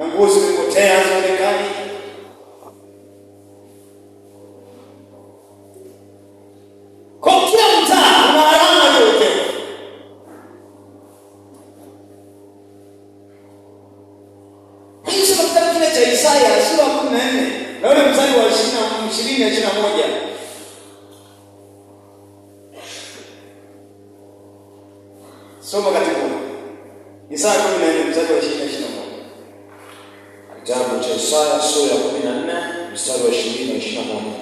na nguo zimepotea hazionekani. Kwa kila mtaa kuna alama iliyowekwa. Hicho katika kile cha Isaya sura kumi na nne na ule mstari wa ishirini na ishirini na moja soma katika Isaya kumi na nne mstari wa ishirini na ishirini na moja kitabu cha Isaya sura ya kumi na nne mstari wa ishirini na ishirini na moja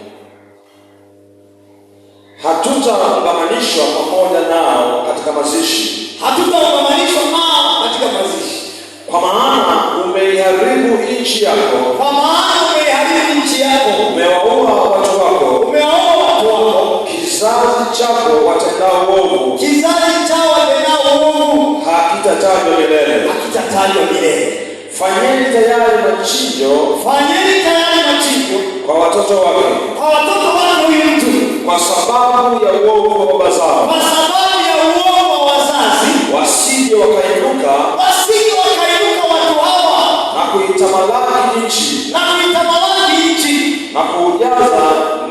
hatutaungamanishwa pamoja nao katika mazishi, hatutaungamanishwa nao katika mazishi, kwa maana umeiharibu nchi yako, kwa maana umeiharibu nchi yako, umewaua watu wako, umewaua watu wako, kizazi chako watendao uovu, kizazi chao watendao uovu hakitatajwa milele, hakitatajwa milele. Fanyeni tayari machinjo, fanyeni tayari machinjo kwa watoto wake, kwa watoto wake huyu mtu, kwa sababu ya uovu wa baba zao, kwa sababu ya uovu wa wazazi, wasije wakainuka, wasije wakainuka watu hawa na kuitamalaki nchi, na kuitamalaki nchi na kuujaza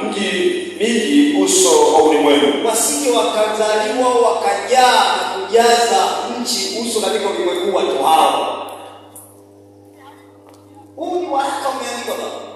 mji miji uso wa ulimwengu, wasije wakazaliwa wakajaa na kujaza nchi uso katika ulimwengu watu hawa 거다.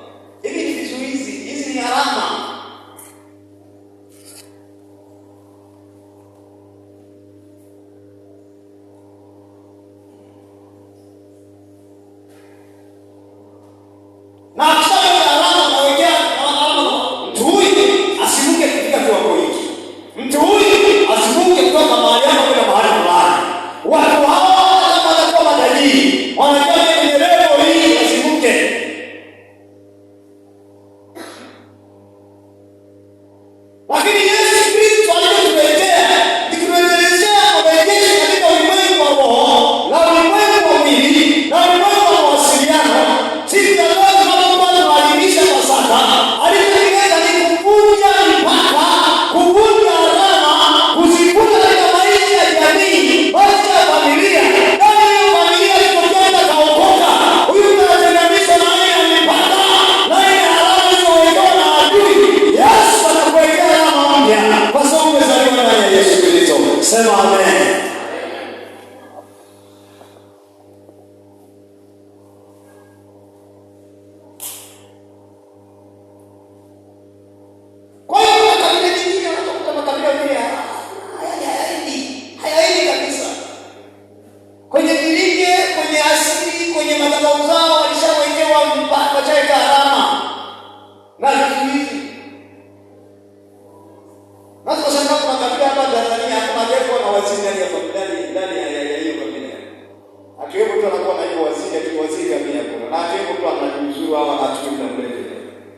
mtu anakuwa na hiyo waziri ya mia kuna na hivyo mtu anajiuzuru au anatumi na mbele.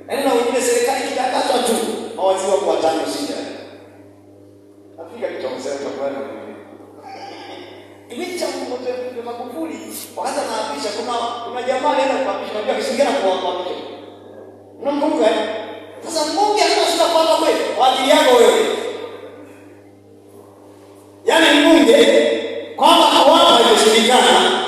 Yaani na wengine serikali kitakatwa tu, mawaziri wako watano sija nafika kitaongezea utakuwa na mwingine. Ilicha mmoja kwa Magufuli, kwanza naapisha kuna kuna jamaa anaenda kuapisha, unajua kishingana kwa kuapisha. Mnakumbuka eh? Sasa mbunge hana shida kwa hapa kweli, kwa ajili yako wewe. Yaani mbunge kwamba hawana haijulikana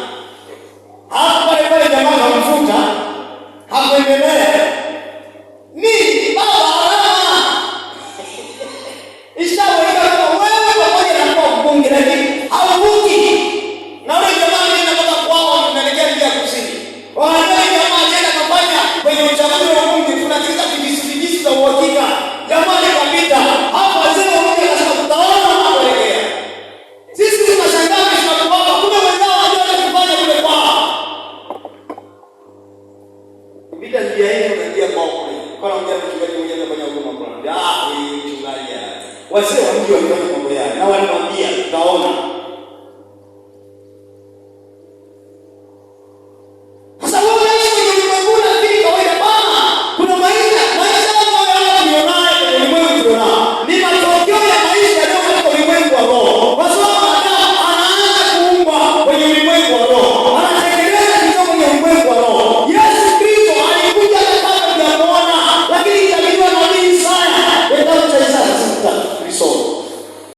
Kupita njia hiyo unaingia maombi. Kwa nini unataka mchungaji mmoja anafanya huduma kwa nani? Ah, mchungaji. Wazee wa mambo yao. Na waliwaambia, "Taona